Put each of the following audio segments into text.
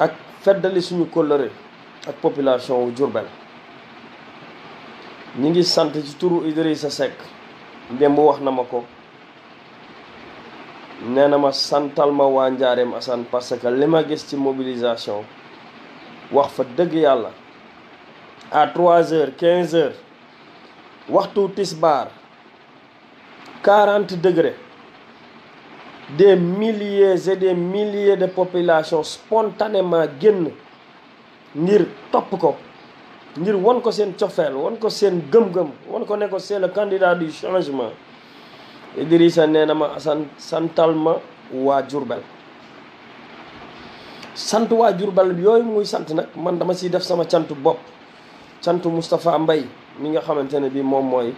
ak feddali suñu kóllëre ak population wu Diourbel ñi ngi sant ci turu Idrissa Seck démb wax na ma ko nee na ma santal ma waa Njaareem Assane parce que li ma gis ci mobilisation wax fa dëgg yàlla à trois heures quinze heures waxtu tisbaar quarante degré de milliers et des milliers de population spontanément génn ngir topp ko ngir won ko seen cofeel won ko seen gëm-gëm won ko ne ko c'est le candidat du changement Idrissa nee na ma san santal ma waa Jurbel sant waa Jurbel yooyu muy sant nag man dama ciy def sama cantu bopp cantu Moustapha mbay mi nga xamante ne bii moom mooy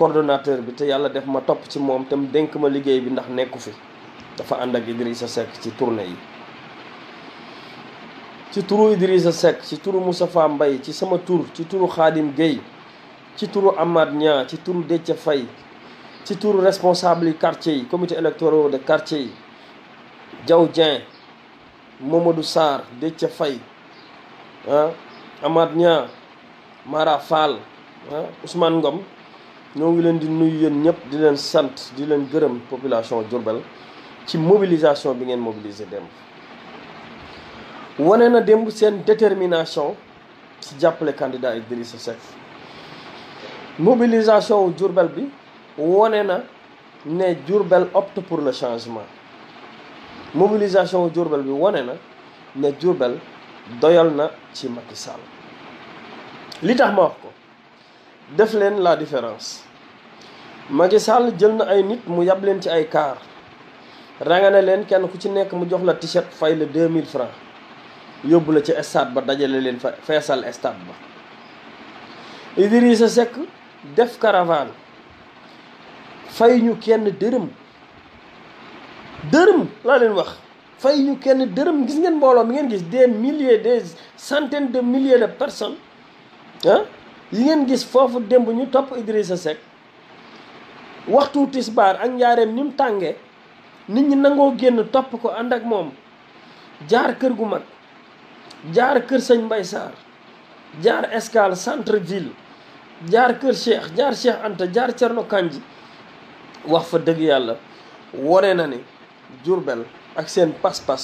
coordonnateur bi te yàlla def ma topp ci moom tam dénk ma liggéey bi ndax nekku fi dafa ànd ak Idrissa Seck ci tournée yi ci turu Idrissa Seck ci turu Moustapha Mbaye ci sama tur ci turu Khadim Gueye ci turu Amad Nia ci turu Déthié fay ci turu responsable yi quartier yi comité électoral de quartier yi Diaw Dieng Mamadou Sarr Déthié Faye ah Amad Mara Fall ah Ngom ñoo ngi leen di nuyu yéen ñëpp di leen sant di leen gërëm population Diourbel ci mobilisation bi ngeen mobiliser démb wane na démb seen détermination ci jàppale candidat Idrissa Seck mobilisation wu Diourbel bi wane na ne Diourbel opte pour le changement mobilisation wu Diourbel bi wane na ne Diourbel doyal na ci Macky Sall li tax ma wax ko def leen la différence Macky Sall jël na ay nit mu yab leen ci ay kaar rangane leen kenn ku ci nekk mu jox la t-shirt fay la 2000 francs yóbbu la ci stade ba dajale leen fa feesal stade ba Idrissa Seck def caravane fay ñu kenn dërëm dërëm laa leen wax fay ñu kenn dërëm gis ngeen mbooloo mi ngeen gis des milliers des centaines de milliers de personnes li ngeen gis foofu démb ñu topp Idrissa Seck waxtu tisbaar ak njaareem ni mu tànge nit ñi nangoo génn topp ko ànd ak moom jaar kër gu mag jaar kër sëñ Mbay Saar jaar Escale centre ville jaar kër Cheikh jaar Cheikh Anta jaar Cerno Kanji wax fa dëgg yàlla wone na ni Jurbel ak seen pas-pas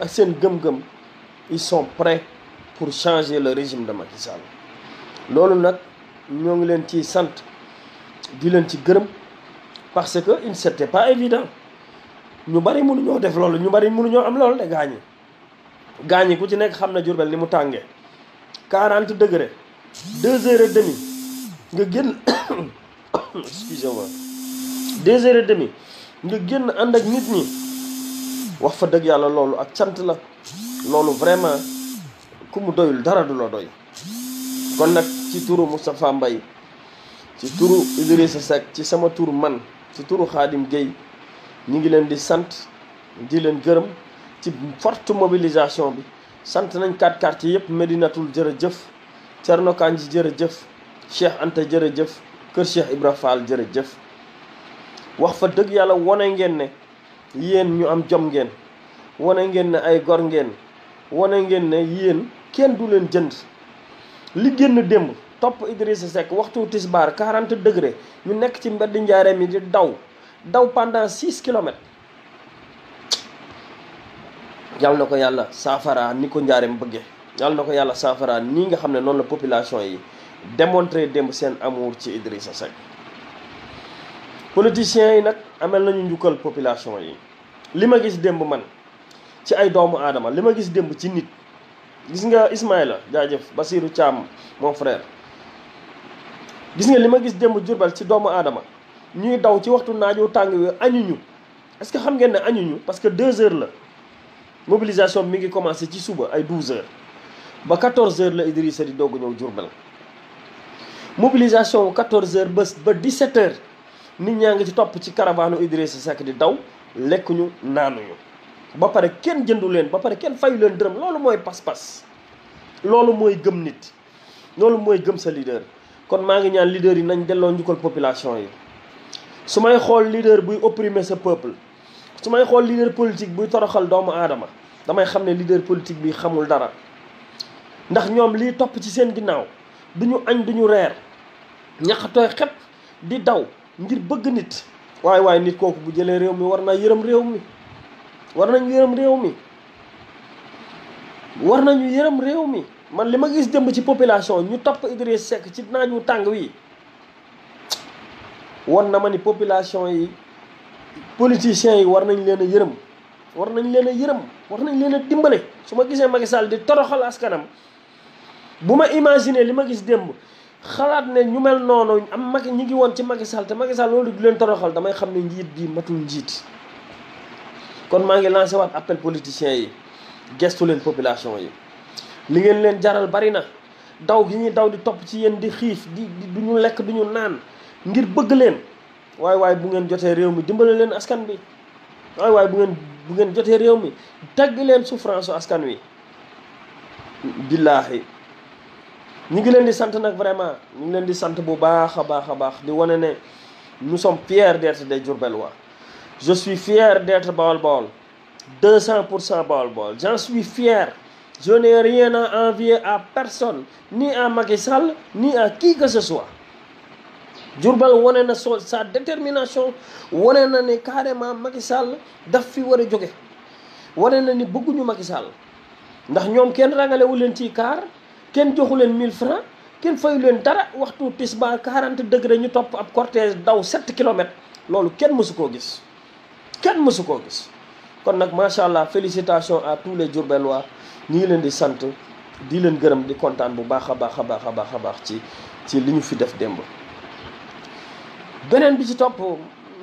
ak seen gëm-gëm ils sont prêts pour changer le régime de Macky Sall loolu nag ñoo ngi leen ci sant di leen ci gërëm parce que il c'était pas évident ñu bari mënuñoo def loolu ñu bari mënuñoo am loolu de gaañi gaañi ku ci nekk xam na Jurbel ni mu tàngee 40 degré deux heures et demi nga génn excusez-moi deux heures et demi nga génn ànd ak nit ñi wax fa dëgg yàlla loolu ak cant la loolu vraiment ku mu doyul dara du la doy kon nag ci turu Moustapha Mbaye ci turu Idrissa Seck ci sama tur man ci turu Khadim Gueye ñu ngi leen di sant di leen gërëm ci forte mobilisation bi sant nañ quatre quartiers yëpp Médinatoul jërëjëf Thierno Kandji jërëjëf Cheikh Anta jërëjëf Kër Cheikh Ibra Fall jërëjëf wax fa dëgg yàlla wone ngeen ne yéen ñu am jom ngeen wane ngeen ne ay gor ngeen wane ngeen ne yéen kenn du leen jënd li génn démb topp Idrissa Seck waxtu tisbaar quarante degré ñu nekk ci mbedd njaareem yi di daw daw pendant 6 kilomètres yàlla na ko yàlla saafara ni ko njaareem bëgge yàlla na ko yàlla saafara nii nga xam ne noonu la population yi démontrer démb seen amour ci idri Idrissa Seck politiciens yi nag amel nañu njukkal population yi li ma gis démb man ci ay doomu aadama li ma gis démb ci nit gis nga Ismaïla jaajëf basiiru Thiam mon frère gis nga li ma gis démb Jurbel ci doomu aadama ñuy daw ci waxtu naa naajoo tàng wi añuñu est que xam ngeen ne añuñu parce que deux heures la mobilisation bi mi ngi commencé ci suba ay douze heures ba quatorze heures la Idrissa di doog ñëw Jurbel mobilisation wu ba ba di sept heures nit ñaa ngi ci topp ci caravane Idrissa Seck di daw lekkuñu naanuñu ba pare kenn jëndu leen ba pare kenn fayu leen dërëm loolu mooy pas-pas loolu mooy gëm nit loolu mooy gëm sa leader kon maa ngi ñaan leader yi nañ delloo njukkal population yi su may xool leader buy opprimer sa peuple su may xool leader politique buy toroxal doomu aadama damay xam ne leader politique bi xamul dara ndax ñoom lii topp ci seen ginnaaw du ñu añ du ñu reer ñaxatooy xep di daw ngir bëgg nit waaye waaye nit kooku bu jëlee réew mi war naa yërëm réew mi war nañu yërëm réew mi war nañu yërëm réew mi man li ma gis jëmb ci population ñu topp Idriss Seck ci naaju tàng wi war na ma ni population yi politiciens yi war nañ leen a yërëm war nañ leen a yërëm war nañ leen dimbale su ma gisee Macky Sall di toroxal askanam bu ma imaginer li ma gis démb xalaat ne ñu mel noonu am Macky ñi ngi woon ci Macky Sall te Macky Sall loolu di leen toroxal damay xam ne njiit bi matul njiit kon maa ngi lancé waat appel politiciens yi gestu leen population yi li ngeen leen jaral bari na daw gi ñuy daw di topp ci yéen di xiif di du ñu lekk du ñu naan ngir bëgg leen waaye waaye bu ngeen jotee réew mi dimbale leen askan bi waaye waaye bu ngeen bu ngeen jotee réew mi tagg leen souffrance askan wi billaahi ñu ngi leen di sant nag vraiment ñu ngi leen di sant bu baax a baax a baax di wane ne nous sommes fiers d'être des Diourbellois Je suis fier d'être baol pour 200% Baol-Baol. J'en suis fier. Je n'ai rien à envier à personne, ni à Macky Sall, ni à qui que ce soit. Diourbel wane na so sa détermination wane na ni carrément Macky Sall daf fi war a jóge wane na ni bëgguñu Macky Sall ndax ñoom kenn ragalewu leen ci kaar kenn joxu leen mille francs kenn fayu leen dara waxtu tisbaar 40 degré ñu topp ab cortège daw 7 kilomètres loolu kenn mësu koo gis kenn mësu koo gis kon nag macha allah félicitations à tous les Diourbellois ñu ngi leen di sant di leen gërëm di kontaan bu baax a baax a baax a baax a baax ci ci li ñu fi def démb. beneen bi ci topp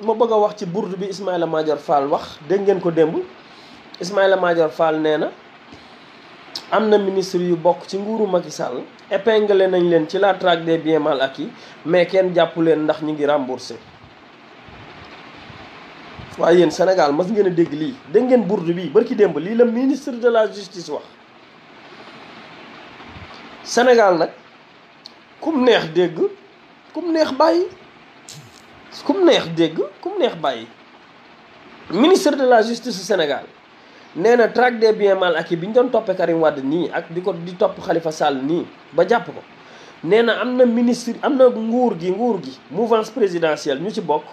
ma bëgg a wax ci burdu bi Ismaïla major Fall wax dégg ngeen ko démb Ismaïla major Fall nee na am na ministre yu bokk ci nguuru Macky Sall épinglé nañ leen ci la traque des biens mal acquis mais kenn jàppu leen ndax ñu ngi remboursé. waaye yéen Sénégal mas ngeen a dégg lii dégg ngeen bourde bi barki démb lii la ministre de la justice wax Sénégal nag kum neex dégg kum neex bàyyi kum neex dégg kum neex bàyyi ministre de la justice Sénégal nee na traque des biens mal acquis bi ñu doon toppee Karim Wade nii ak di ko di topp xalifa Sall nii ba jàpp ko nee na am na ministre am na nguur gi nguur gi mouvance présidentielle ñu ci bokk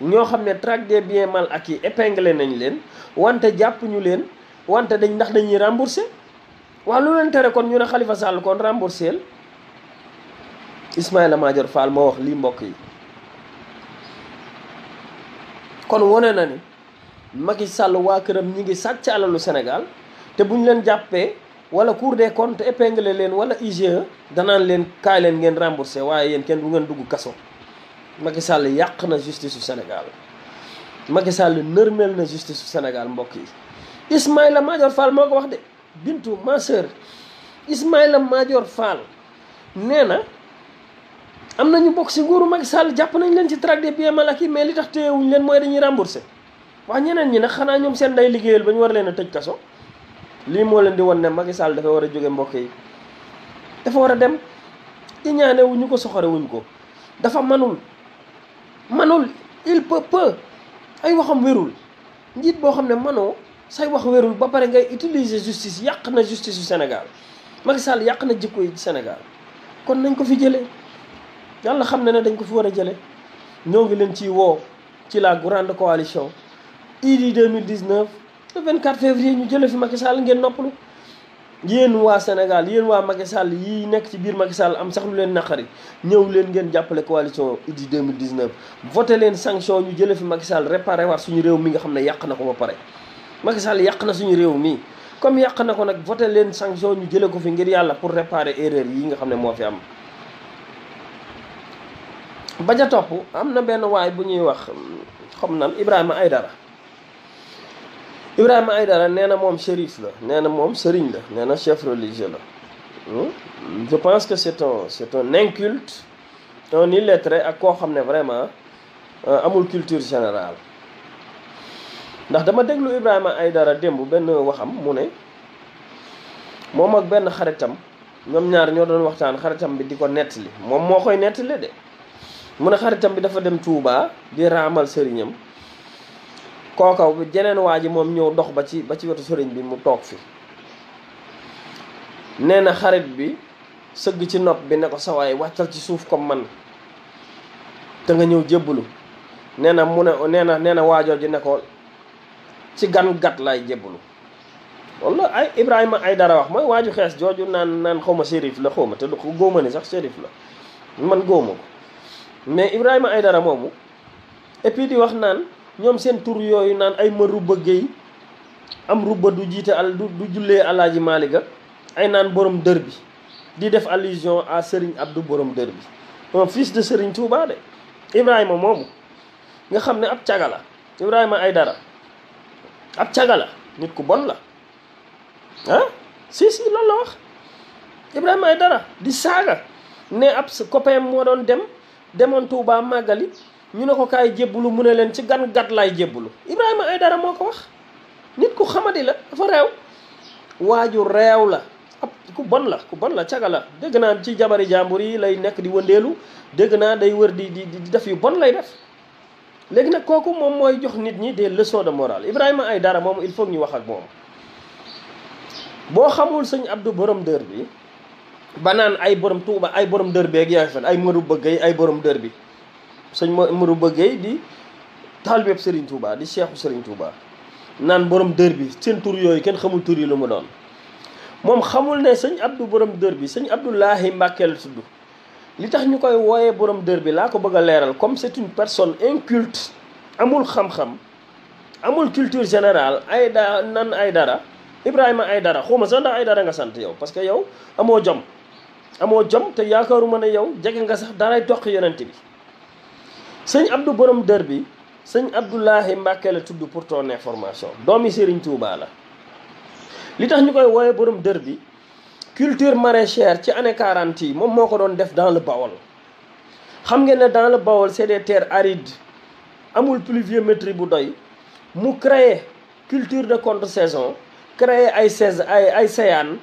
ñoo xam ne traque des biens mal acquis épinglé nañ leen wante jàpp ñu leen wante dañ ndax dañuy remboursé waaw lu leen tere kon ñu ne Khalifa Sall kon remboursé l Ismaïla Madior Fall moo wax lii mbokk yi kon wone na ni Macky Sall waa këram ñi ngi sàcc alalu Sénégal te bu ñu leen jàppee wala cour de comptes épinglé leen wala IGE danaan leen kaay leen ngeen remboursé waaye yéen kenn bu ngeen dugg kaso Macky Sall yàq na justice su Sénégal Macky Sall nërmeel na justice su Sénégal mbokk yi Ismaïla Madior Fall moo ko wax de Bintu ma sœur Ismaïla Madior Fall nee na am na ñu bokk si nguuru Macky Sall jàpp nañ leen ci traque des biens mal acquis mais li tax téyewuñ leen mooy dañuy remboursé wax ñeneen ñi nag xanaa ñoom seen day liggéeyal ba ñu war leen a tëj kaso lii moo leen di won ne Macky Sall dafa war a jóge mbokk yi dafa war a dem iñaanewuñu ko soxorewuñ ko dafa manul manul il peut peu ay waxam wérul njiit boo xam ne manoo say wax wérul ba pare ngay utiliser justice yàq na justice yu Sénégal Macky Sall yàq na jikko yi Sénégal kon nañ ko fi jëlee yàlla xam ne ne dañ ko fi war a jëlee ñoo ngi leen ciy woo ci la grande coalition idi 2019 le 24 février ñu jëlee fi Macky Sall ngeen noppalu yéen waa Sénégal yéen waa Macky Sall yi nekk ci biir Macky Sall am saxlu leen naqari ñëw leen ngeen jàppale coalition Idy 2019 voté leen sanction ñu jëlee fi Macky Sall réparé waat suñu réew mi nga xam ne yàq na ko ba pare Macky Sall yàq na suñu réew mi comme yàq na ko nag voté leen sanction ñu jëlee ko fi ngir yàlla pour réparer erreur yi nga xam ne moo fi am ba ja topp am na benn waay bu ñuy wax xam nan Ibrahima Aïdara Ibrahima Aïdara nee na moom shérif la nee na moom sëriñ la nee na chef religieux la hmm? je pense que c'est un c'est un inculte un illettré ak koo xam ne vraiment euh, amul culture général ndax dama déglu Ibrahima dara démb benn waxam mu ne moom ak benn xaritam ñoom ñaar ñoo doon waxtaan xaritam bi di ko nettali moom moo koy nettali de mu ne xaritam bi dafa dem Touba di raamal sëriñam kooka jeneen waa ji moom ñëw dox ba ci ba ci wetu sëriñ bi mu toog fi nee na xarit bi sëgg ci nopp bi ne ko sawaay wàccal ci suuf comme man te nga ñëw jébbalu nee na mu ne nee na nee na waajoo ji ne ko ci gan gat laay jébbalu loolu la ay Ibrahima ay dara wax mooy waaju xees jooju naan naan xawma shérif la xawma te du góoma ni sax shérif la man góoma ko mais Ibrahima ay dara moomu et di wax naan ñoom seen tur yooyu naan ay ma rubba géey am rubba du jiite al du jullee alaaji maaliga ay naan boroom dër bi di def allusion à Serigne Abdou borom dër bi un fils de Serigne Touba de Ibrahima moomu nga xam ne ab caga la Ibrahima ay dara ab caga la nit ku bon la ah si si loolu la wax Ibrahima ay dara di saaga ne ab copain moo doon dem demoon Touba màggali ñu ne ko kaay jébbalu mu ne leen ci gan gat laay jébbalu ay dara moo ko wax nit ku xamadi la dafa réew waaju réew la ab ku bon la ku bon la caga la dégg naa ci jabari jàmbur yi lay nekk di wëndeelu dégg naa day wër di di def yu bon lay def léegi nag kooku moom mooy jox nit ñi des leçons de morale Ibrahima dara moom il faut ñu wax ak moom boo xamul sëñ Abdou borom dër bi banaan ay borom Tuuba ay borom dër bi ak yaa fan ay mënu bëgg ay borom dër bi sëñ Marouba bëggee di taalibeeb Serigne Touba di seexu Serigne Touba naan borom dër bi seen tur yooyu kenn xamul tur yi lu mu doon. moom xamul ne sëñ Abdou borom dër bi sëñ Abdoulahi Mbàkke la tudd li tax ñu koy wooyee borom dër bi laa ko bëgg leeral comme c'est une in inculte amul xam-xam amul culture général ay da nan ay dara Ibrahima ay dara xawma sax ndax ay dara nga sant yow parce que yow amoo jom amoo jom te yaakaaruma ne yow jege nga sax daray toq yonent bi sëñ Abdou borom dër bi sëñ Abdoulahi Mbàkke la tudd pour ton information doomi Serigne Touba la li tax ñu koy wooyee borom dër bi culture maraîchère ci année 40 yi moom moo ko doon def dans le Bawol xam ngeen ne dans le Bawol c'est des terres arides amul pluviométrie bu doy mu créer culture de contre-saison créer ay saison ay ay séyaan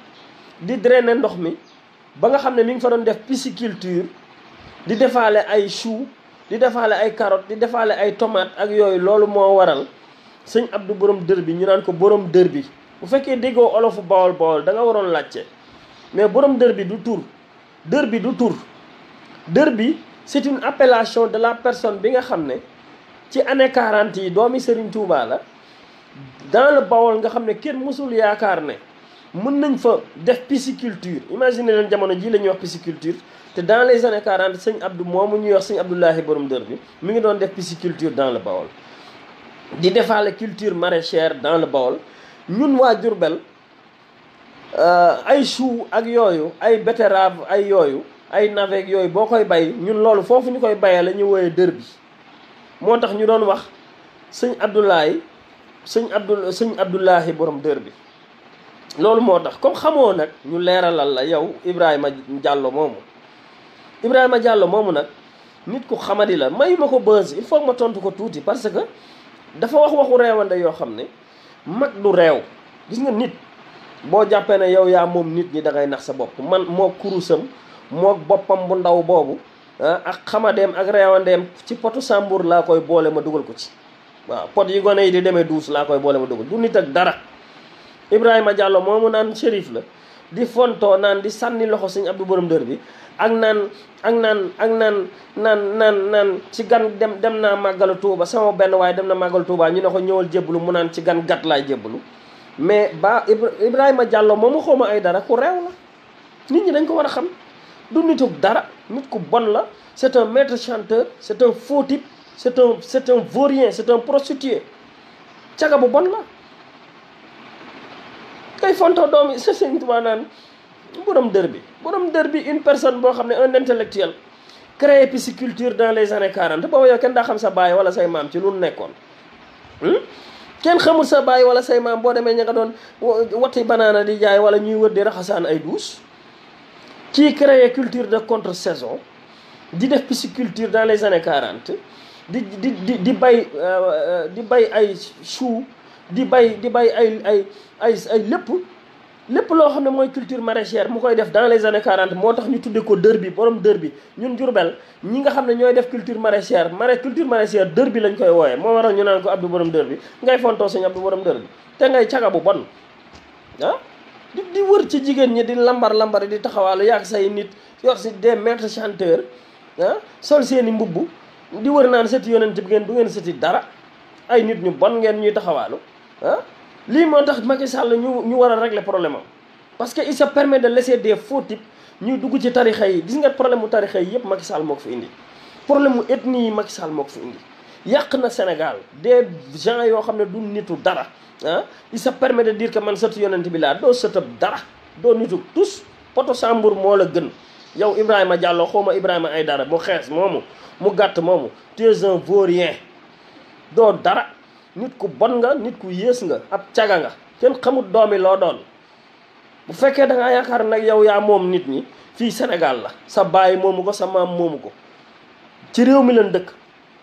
di drainer ndox mi ba nga xam ne mi ngi fa doon def pisciculture di defaale ay choux di defaale ay carottes di defaale ay tomates ak yooyu loolu moo waral sëñ Abdou borom dër bi ñu naan ko borom dër bi bu fekkee déggoo olofu bawol bawol da waroon laajte mais borom dër bi du tur dër bi du tur dër bi c'est une appellation de la personne bi nga xam ne ci année 40 yi doomi Serigne Touba la dans le nga xam ne kenn mosul yaakaar ne. mën nañ fa def pisciculture imagine leen jamono jii la ñuy wax pisciculture te dans les années 40 sëñ Abdou moom ñuy wax sëñ Abdoulahi borom dër bi mi ngi doon def pisciculture dans le Baol. di defaale culture maraîchère dans le Baol ñun waa Jurbel euh, ay chou ak yooyu ay betterave ay yooyu ay navet yooyu boo koy bay ñun loolu foofu ñu koy bayee la ñu woyee dër bi moo tax ñu doon wax sëñ Abdoulahi sëñ Abdou sëñ Abdoulahi borom dër bi. loolu moo tax comme xamoo nag ñu leeralal la yow Ibrahima Diallo moomu Ibrahima Diallo moomu nag nit ku xamadi la mayu ko buzz il faut ma tontu ko tuuti parce que dafa wax waxu reewande yoo xam ne mag du réew gis nga nit boo jàppee ne yow yaa moom nit ñi dangay nax sa bopp man moo kurusam moo boppam bu ndaw boobu ah, ak xamadeem ak reewandeem ci potu sàmbur laa koy boole ma dugal ko ci waaw pot yi gone yi di demee duus laa koy boole ma dugal du nit ak dara Ibrahima Diallo moomu naan shérif la di fontoo naan di sànni loxo sëñ Abdou borom dër bi ak naan ak naan ak naan naan naan naan ci gan dem dem naa màggalu Touba sama benn waaye dem na màggalu Touba ñu ne ko ñëwal jébbalu mu naan ci gan gàtt laay jébbalu mais ba Ibrahima jàlloo Diallo moomu xawma ay dara ku réew la nit ñi dañ ko war a xam du nitug dara nit ku bon la c'est un maître chanteur c'est un faux type c'est un c'est un vaurien c'est un prostitué caga bon la day fonto doom yi Sëriñ Tuubaa naan borom dër bi borom dër bi une personne boo xam ne un intellectuel créé pisciculture dans les années 40 booba yow kenn daa xam sa baay wala say maam ci lu nekkoon hmm? kenn xamul sa baay wala say boo demee ña nga doon wati banaana di jaay wala ñuy wër di raxasaan ay douche kii créé culture de contre saison di def pisciculture dans les années 40 di di di di bay euh, euh, di bay ay choux di bay di bay ay ay ay ay lépp lépp loo xam ne mooy culture maraîchère mu koy def dans les années 40 moo tax ñu tuddee ko dër bi borom dër bi ñun Jurbel ñi nga xam ne ñooy def culture maraîchère mara culture maraîchère dër bi lañ koy wooyee moo waral ñu naan ko Abdou borom dër bi ngay fontoo sañ Abdou borom dër bi te ngay caga bu bon ah di di wër ci jigéen ñi di lambar lambar di taxawaalu yàgg say nit yor si des maîtres chanteurs ah sol seeni mbubb di wër naan sëti yonent bi ngeen du ngeen sëti dara ay nit ñu bon ngeen ñuy taxawaalu ah lii moo tax Macky la ñu ñu war a régler problème am parce que il se permet de laisser des foo types ñu dugg ci tarixa yi gis nga problème mu tarixa yi yëpp Macky Sall moo ko fi indi problème mu ethnie yi Macky Sall moo ko fi indi yàq na Sénégal des gens yoo xam ne du nitu dara ah il se permet de dire que man sëtu yonent bi laa doo sëtab dara doo nitu tous poto Sambour moo la gën yow Ibrahima Diallo xaw ma Ibrahima dara mu xees moomu mu gàtt moomu tu es un vaurien doo dara nit ku bon nga nit ku yées nga ab caga nga kenn xamut doomi loo doon bu fekkee dangaa ngaa yaakaar nag yow yaa moom nit ñi fii Sénégal la sa baay moomu ko sa maam moomu ko ci réew mi leen dëkk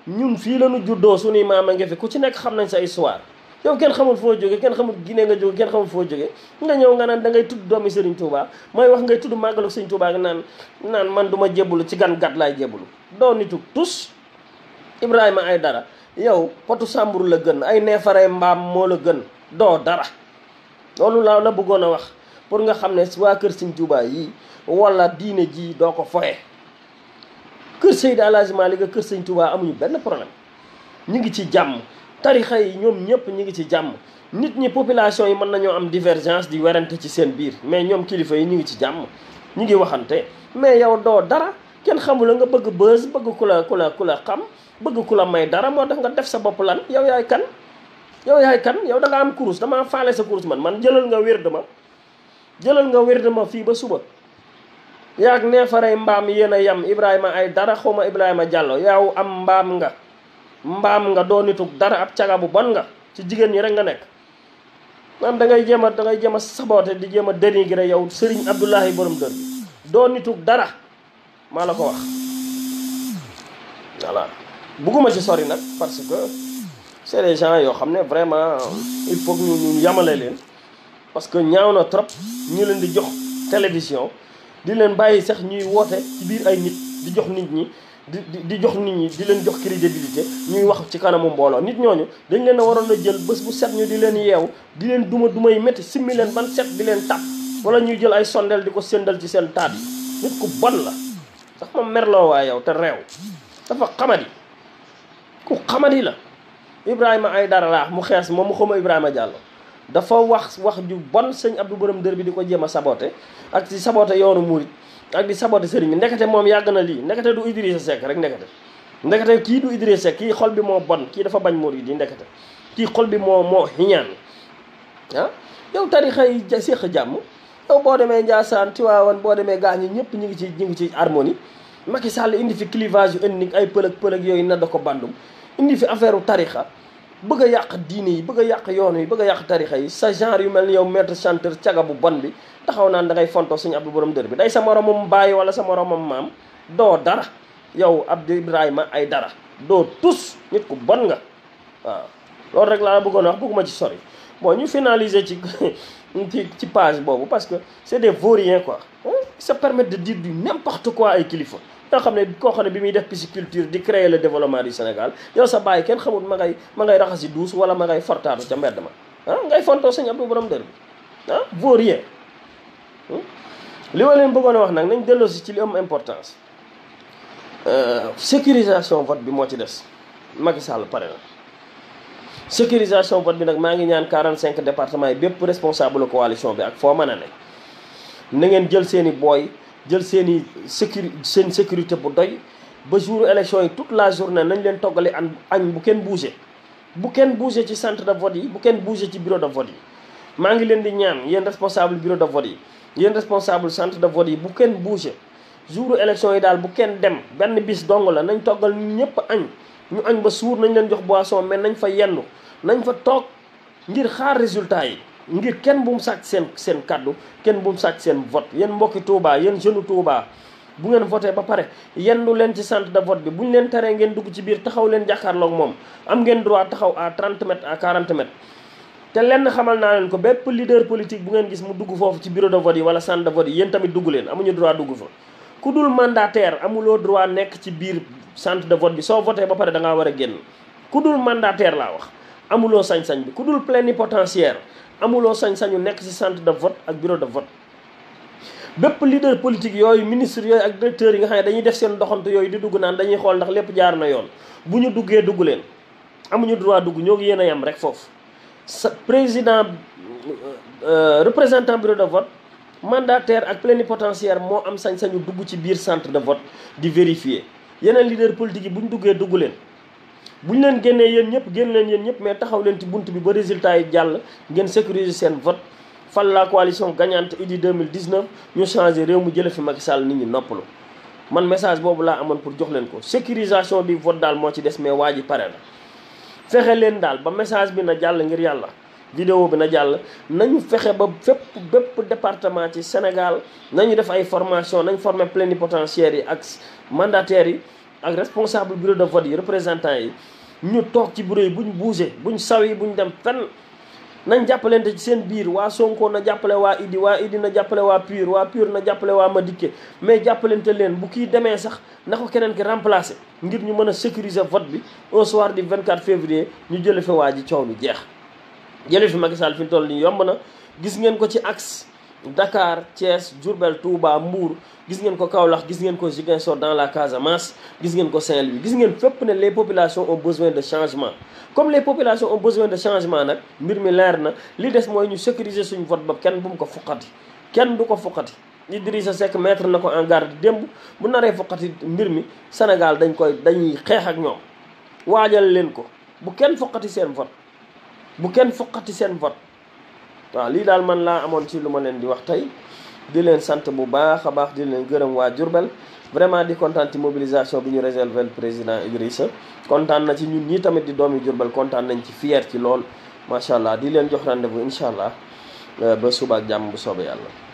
ñun fii lañu juddoo ni maam a ngi fi ku ci nekk xam nañ sa histoire yow kenn xamul foo jóge kenn xamul ginee nga jóge kenn xamul foo jóge nga ñëw nga naan da ngay tudd doomi Serigne Touba mooy wax ngay tudd màggalu Serigne Touba naan naan man duma ma ci gan gàtt laay jébbalu doo nitu tus Ibrahima Aïdara yow potu sàmbur la gën ay neefaree mbaam moo la gën doo dara loolu laa la bëggoon a wax pour nga xam ne waa kër Sëñ Tuubaa yi wala diine ji doo ko foye kër Seydi El Hadji Malick kër Sëñ Tuubaa amuñu benn problème ñu ngi ci jàmm tarixa yi ñoom ñëpp ñu ngi ci jàmm nit ñi population yi mën nañoo am divergence di werante ci seen biir mais ñoom kilifa yi ñu ngi ci jàmm ñu ngi waxante mais yow doo dara kenn xamula nga bëgg bës bëgg ku la ku la ku la xam bëgg ku la may dara moo tax nga def sa bopp lan yow yaay kan yow yaay kan yow da nga am kurus damaa faale sa kurus man man jëlal nga wér dama jëlal nga wér ma fii ba suba yaag neefarey mbaam yéen a yem Ibrahima ay dara xaw xawma Ibrahima Diallo yaw am mbaam nga mbaam nga doo nitug dara ab caga bu bon nga ci jigéen ñi rek nga nekk maanaam da ngay jéem a da ngay jéem saboote di jéem a dénigré yow Serigne Abdoulahi borom maa la ko wax voilà bugguma ci sori nag parce que c'est des gens yoo xam ne vraiment il faut que ñu ñu yamale leen parce que ñaaw na trop ñu leen di jox télévision di leen bàyyi sax ñuy woote ci biir ay nit di jox nit ñi di di jox nit ñi di leen jox crédibilité ñuy wax ci kanamu mbooloo nit ñooñu dañ leen a waroon a jël bés bu set ñu di leen yeew di leen duma dumay métti simmi leen ban set di leen tàpp wala ñuy jël ay sondeel di ko séndal ci seen taat yi nit ku bon la sax ma merloo waa yow te réew dafa xamadi ku xamadi la Ibrahima dara laax mu xees moom mu xawma Ibrahima Diallo dafa wax wax ju bon sëñ Abdou Borom dër bi di ko jéem a saboté ak ci saboté yoonu murit ak di saboté sëriñ bi ndekete moom yàgg na lii ndekete du Idrissa Seck rek ndekete ndekete kii du Idrissa Seck kii xol bi moo bon kii dafa bañ murit yi di ndekete kii xol bi moo moo xiñaan ah yow tarixa séq jàmm boo demee Ndiassane Tivaouane boo demee gaañu ñëpp ñu ngi ci ñu ngi ci harmonie Macky Sall indi fi clivage yu indi ay pëlëg pëlëg yooyu na da ko bandum indi fi affaire u tarixa bëgg a yàq diine yi bëgg a yàq yoon yi bëgg yàq tarixa yi sa genre yu mel ni yow maître chanteur caga bu bon bi taxaw naan da ngay fontoo suñu abdu borom dër bi day sa moromam bàyyi wala sa moromam maam doo dara yow Abdou Ibrahima ay dara doo tus nit ku bon nga waaw loolu rek laa bëggoon wax bëgguma ci sori bon ñu ci ci page boobu parce que c'est des vauriens quoi ça permet de dire du n'importe quoi ay kilifa nga xam ne koo xam ne bi muy def pisciculture di créer le développement du Sénégal yow sa bàyyi kenn xamul ma ngay ma ngay raxasi duus wala ma ngay fortaatu ca mbedd ma ah ngay fontoo sañ Abdou borom dër bi ah vaurien li wax leen bëggoon a wax nag nañ delloosi ci li am importance euh, sécurisation vote bi moo ci des Macky Sall pare la sécurisation vote bi nag maa ngi ñaan 45 département yi bépp responsable coalition bi ak foo mën a ne na ngeen jël seen i booy jël seen i sécuri seen sécurité bu doy ba jour élection yi toute la journée nañ leen toggale an añ bu kenn bougé bu kenn bougé ci centre de vote yi bu kenn bougé ci bureau de vote yi maa ngi leen di ñaan yéen responsable bureau de vote yi yéen responsable centre de vote yi bu kenn bougé jour élection yi daal bu kenn dem benn bis dong la nañ toggal ñëpp añ ñu añ ba suur nañ leen jox boisson mais nañ fa yendu nañ fa toog ngir xaar résultat yi ngir kenn bu mu sàcc seen seen kàddu kenn bu mu sàcc seen vote yéen mbokki Touba yéen jeune Touba bu ngeen voté ba pare yendu leen ci centre de vote bi bu ñu leen teree ngeen dugg ci biir taxaw leen jàkkaarloog moom am ngeen droit taxaw à 30 mètres à 40 mètres. te lenn xamal naa leen ko bépp leader politique bu ngeen gis mu dugg foofu ci bureau de vote yi wala centre de vote yi yéen tamit dugg leen amuñu droit ku dul mandataire amuloo droit nekk ci biir centre de vote bi soo voté ba pare da ngaa war a génn ku dul mandataire laa wax amuloo sañ-sañ bi ku dul plénipotentiaire amuloo sañ-sañu nekk ci centre de vote ak bureau de vote bépp leader politique yooyu ministre yooyu ak directeurs yi nga xam ne dañuy def seen doxantu yooyu di dugg naan dañuy xool ndax lépp jaar na yoon bu ñu duggee dugg leen amuñu droit dugg ñoo ngi yéen a yam rek foofu sa président euh, représentant bureau de vote mandataire ak plénipotentiaire moo am sañ-sañu dugg ci biir centre de vote di vérifier yeneen leader politique yi bu ñu duggee dugg leen bu ñu leen génnee yéen ñëpp génn leen yéen ñëpp mais taxaw leen ci bunt bi ba résultat yi jàll ngeen sécuriser seen vote fal la coalition gagnante UDI 2019 ñu changé réew mu jële fi Macky Sall nit ñi noppalu man message boobu laa amoon pour jox leen ko sécurisation du vote daal moo ci des mais waa ji pare na fexe leen daal ba message bi na jàll ngir yàlla vidéo bi na jàll nañu fexe ba fépp bépp département ci Sénégal nañu def ay formation nañ former plénipotentiaires yi ak mandataires yi ak responsable bureau de vote yi représentant yi ñu toog ci bureau yi buñ bougé buñ saw yi buñ dem fenn nañ jàppalente ci seen biir waa Sonko na jàppale waa Idi waa Idi na jàppale waa Pur waa Pur na jàppale waa Madické mais jàppalente leen bu kii demee sax na ko keneen ki remplacer ngir ñu mën a sécuriser vote bi au soir du 24 février ñu jële fa waa ji coow lu jeex jële fi Macky Sall fi mu toll nii yomb na gis ngeen ko ci axe Dakar Thiès Diourbel Touba Mbour gis ngeen ko Kaolack gis ngeen ko Ziguinchor dans la Casamance gis ngeen ko Saint-Louis gis ngeen fépp ne les populations ont besoin de changement comme les populations ont besoin de changement nag mbir mi leer na li des mooy ñu sécuriser suñu vote ba kenn bu mu ko fuqati kenn du ko fuqati Idrissa Seck mettre na ko en garde démb bu naree fuqati mbir mi Sénégal dañ koy dañuy xeex ak ñoom waajal leen ko bu kenn fuqati seen vote bu kenn fuqati seen vote waaw lii daal man laa amoon ci lu ma leen di wax tey di leen sant bu baax a baax di leen gërëm waa Diourbel vraiment di kontaan ci mobilisation bi ñu réservé le président Idrissa kontaan na ci ñun ñii tamit di doomi Diourbel kontaan nañ ci fier ci lool macha allah di leen jox rendez-vous incha allah euh, ba suba ak jàmm bu soobee yàlla.